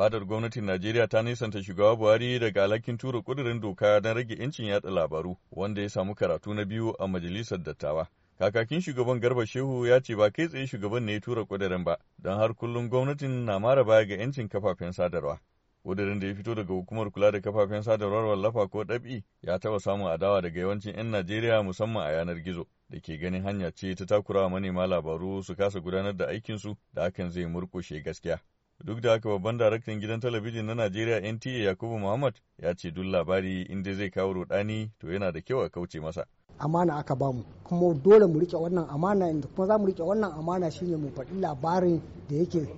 Fadar gwamnatin Najeriya ta nisanta shugaba Buhari daga alhakin tura kudirin doka don rage 'yancin yatsa labaru wanda ya samu karatu na biyu a majalisar dattawa. Kakakin shugaban Garba Shehu ya ce ba kai tsaye shugaban ne ya tura kudirin ba, don har kullum gwamnatin na mara baya ga 'yancin kafafen sadarwa. Kudirin da ya fito daga hukumar kula da kafafen sadarwar wallafa ko ɗabi ya taɓa samun adawa daga yawancin 'yan Najeriya musamman a yanar gizo da ke ganin hanya ce ta takurawa manema labaru su kasa gudanar da aikinsu da hakan zai murkushe gaskiya. Duk da haka babban daraktan gidan talabijin na Najeriya NTA Yakubu Muhammad ya ce duk labari inda zai kawo rudani to yana da kyau a kauce masa. Amana aka bamu kuma dole mu rike wannan amana inda kuma za mu rike wannan amana shine mu faɗi labarin da yake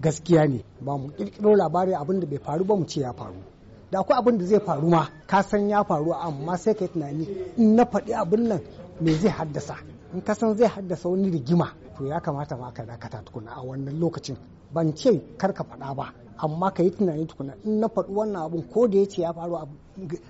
gaskiya ne ba mu kirkiro labari abin da bai faru ba mu ce ya faru. Da akwai abin da zai faru ma ka san ya faru amma sai ka yi tunani in na faɗi abin nan me zai haddasa in ka san zai haddasa wani rigima to ya kamata ma ka dakata tukuna a wannan lokacin ban ce kar ka faɗa ba amma ka yi tunani tukuna in na faɗi wannan abun ko da ya ce ya faru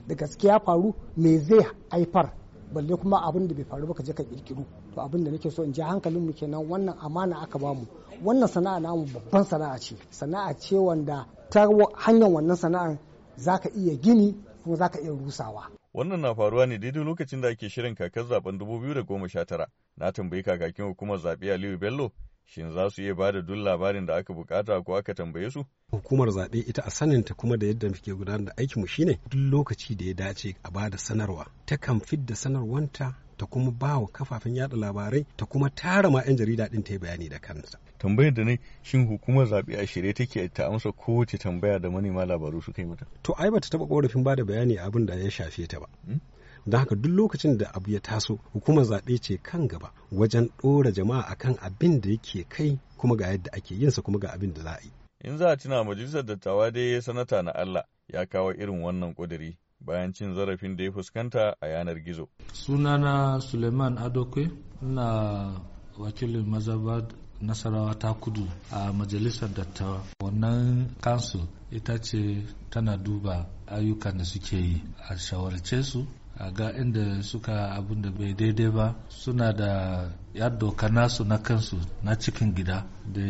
da gaske ya faru me zai haifar balle kuma abin da bai faru ba ka je ka kirkiru to abin da nake so in ji hankalin mu kenan wannan amana aka bamu wannan sana'a namu babban sana'a ce sana'a ce wanda ta hanyar wannan sana'ar zaka iya gini kuma zaka iya rusawa wannan na faruwa ne daidai lokacin da ake shirin kakar zaben 2019 na tambayi kakakin hukumar zaɓe Aliyu Bello Shin za su iya da duk labarin da aka bukata ko aka tambaye su? Hukumar zaɓe ita a saninta kuma da yadda muke gudanar da aikinmu shine duk lokaci da ya dace a bada sanarwa. Takan fidda sanarwanta ta kuma ba wa kafafen yada labarai ta kuma tara ma 'yan jarida din ta bayani da kansa. Tambayar da ne shin hukumar zaɓe a shirye take ta amsa kowace tambaya da manema labaru su kai mata? To ai bata taɓa korafin ba da bayani abin da ya shafe ta ba. Hmm? don haka duk lokacin da abu ya taso hukumar zaɓe ce kan gaba wajen ɗora jama'a akan abin da yake kai kuma ga yadda ake yinsa kuma ga abin da za a yi in za a tuna majalisar dattawa dai sanata na Allah ya kawo irin wannan ƙudiri bayan cin zarafin da ya fuskanta a yanar gizo. Sunana Suleiman Adokwe na wakilin mazabar Nasarawa ta kudu a majalisar dattawa. Wannan kansu ita ce tana duba ayyukan da suke yi a shawarce su a ga inda suka abin da bai daidai ba suna da ya doka nasu na kansu na cikin gida da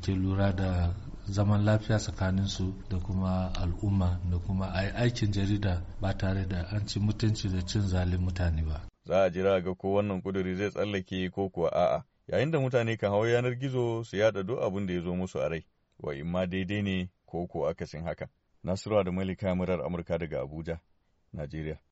ke lura da zaman lafiya tsakaninsu da kuma al'umma da kuma aikin jarida ba tare da an ci mutunci da cin zalin mutane ba. Za a jira ga ko wannan kuduri zai tsallake ko kuwa a'a yayin da mutane kan hau yanar gizo su yada duk abin da ya zo musu a rai wa imma daidai ne ko ko akasin haka. Nasiru da Malika murar Amurka daga Abuja, Najeriya.